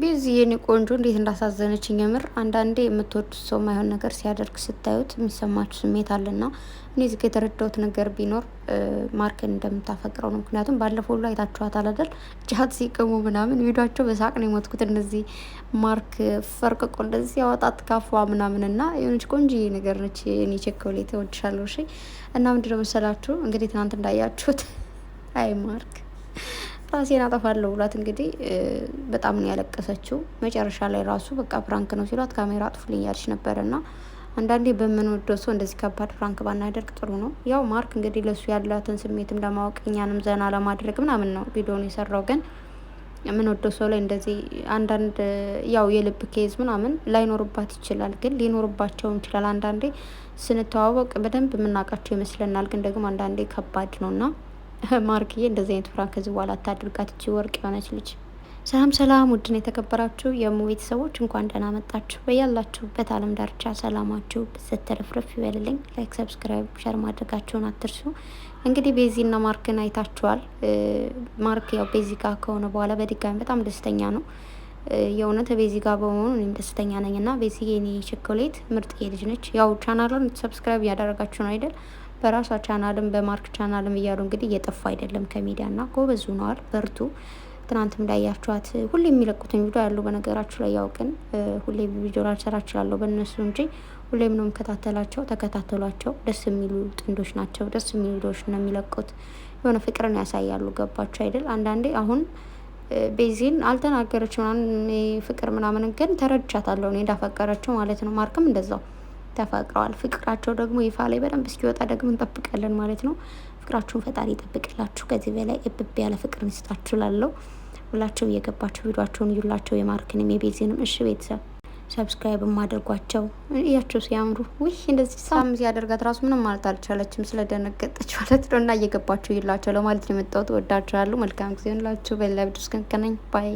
ቢዚ የኔ ቆንጆ እንዴት እንዳሳዘነችኝ የምር አንዳንዴ የምትወዱት ሰው ማይሆን ነገር ሲያደርግ ስታዩት የሚሰማችሁ ስሜት አለና እኔ እዚህ ጋ የተረዳሁት ነገር ቢኖር ማርክን እንደምታፈቅረው ነው። ምክንያቱም ባለፈው ሁሉ አይታችኋት አላደል ጫት ሲቅሙ ምናምን ቪዲቸው በሳቅ ነው የሞትኩት። እነዚህ ማርክ ፈርቅቆ እንደዚህ ያወጣት ካፏ ምናምን እና የሆነች ቆንጆ ነገር ነች። እኔ ቸኮሌት እወድሻለሁ። እሺ እና ምንድነው መሰላችሁ እንግዲህ ትናንት እንዳያችሁት አይ ማርክ ራሴን አጠፋለሁ ብላት እንግዲህ በጣም ነው ያለቀሰችው። መጨረሻ ላይ ራሱ በቃ ፕራንክ ነው ሲሏት ካሜራ አጥፉልኝ ያልች ነበር እና አንዳንዴ በምንወደው ሰው እንደዚህ ከባድ ፍራንክ ባናደርግ ጥሩ ነው። ያው ማርክ እንግዲህ ለሱ ያላትን ስሜትም ለማወቅ እኛንም ዘና ለማድረግ ምናምን ነው ቪዲዮን የሰራው። ግን የምንወደው ሰው ላይ እንደዚህ አንዳንድ ያው የልብ ኬዝ ምናምን ላይኖርባት ይችላል፣ ግን ሊኖርባቸውም ይችላል። አንዳንዴ ስንተዋወቅ በደንብ የምናውቃቸው ይመስለናል፣ ግን ደግሞ አንዳንዴ ከባድ ነው እና ማርክዬ እንደዚህ አይነት ፍራንክ ከዚህ በኋላ አታድርጋት። እቺ ወርቅ የሆነች ልጅ። ሰላም ሰላም! ውድን የተከበራችሁ የሙ ቤተሰቦች እንኳን ደህና መጣችሁ። በያላችሁበት ዓለም ዳርቻ ሰላማችሁ ብዘት ተረፍረፍ ይበልልኝ። ላይክ፣ ሰብስክራይብ፣ ሸር ማድረጋችሁን አትርሱ። እንግዲህ ቤዚና ማርክን አይታችኋል። ማርክ ያው ቤዚ ጋ ከሆነ በኋላ በድጋሚ በጣም ደስተኛ ነው። የእውነት ቤዚ ጋር በመሆኑ እኔም ደስተኛ ነኝ። እና ቤዚ የኔ ቸኮሌት ምርጥ ልጅ ነች። ያው ቻናሉን ሰብስክራይብ እያደረጋችሁ ነው አይደል? በራሷ ቻናልም በማርክ ቻናልም እያሉ እንግዲህ እየጠፉ አይደለም ከሚዲያና ጎበዝ ነዋል በርቱ። ትናንት እንዳያችኋት ሁሌ የሚለቁትን ቪዲዮ ያሉ በነገራችሁ ላይ ያውቅን ሁሌ ቪዲዮ ላልሰራ እችላለሁ በእነሱ እንጂ ሁሌም ነው የምከታተላቸው። ተከታተሏቸው። ደስ የሚሉ ጥንዶች ናቸው። ደስ የሚሉ ቪዲዮች ነው የሚለቁት። የሆነ ፍቅርን ያሳያሉ። ገባችሁ አይደል? አንዳንዴ አሁን ቤዚን አልተናገረች ምናምን ፍቅር ምናምን ግን ተረድቻታለሁ እኔ እንዳፈቀረችው ማለት ነው። ማርክም እንደዛው ተፈቅረዋል። ፍቅራቸው ደግሞ ይፋ ላይ በደንብ እስኪወጣ ደግሞ እንጠብቃለን ማለት ነው። ፍቅራችሁን ፈጣሪ ይጠብቅላችሁ። ከዚህ በላይ እብብ ያለ ፍቅር ይስጣችሁ። ላለው ሁላቸው እየገባችሁ ቪዲቸውን እዩላቸው። የማርክንም የቤዚንም እሺ ቤተሰብ ሰብስክራይብ ማድርጓቸው እያቸው ሲያምሩ ውይ እንደዚህ ሳም ሲያደርጋት ራሱ ምንም ማለት አልቻለችም ስለደነገጠች ማለት ነው እና እየገባችሁ ይላቸው ለማለት ነው የመጣሁት ወዳችኋለሁ መልካም ጊዜ ሆንላችሁ በሌላ ቪዲዮ እስክንገናኝ ባይ